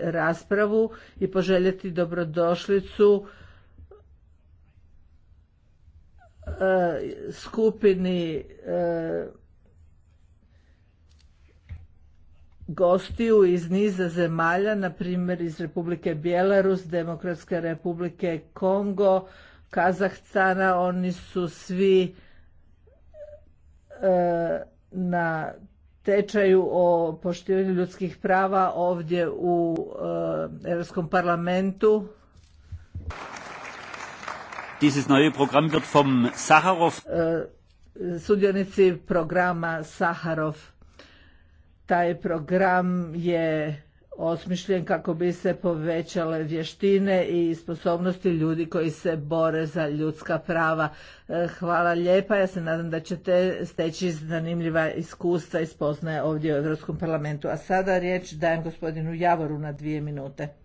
raspravu i poželjeti dobrodošlicu e, skupini e, gostiju iz niza zemalja, na primjer iz Republike Bjelarus, Demokratske republike Kongo, Kazahstana, oni su svi e, na tečaju o poštivanju ljudskih prava ovdje u eh, Europskom parlamentu. Dieses neue Programm wird vom Saharov eh, sudionici programa Saharov taj program je osmišljen kako bi se povećale vještine i sposobnosti ljudi koji se bore za ljudska prava. E, hvala lijepa, ja se nadam da ćete steći zanimljiva iskustva i spoznaje ovdje u Europskom parlamentu. A sada riječ dajem gospodinu Javoru na dvije minute.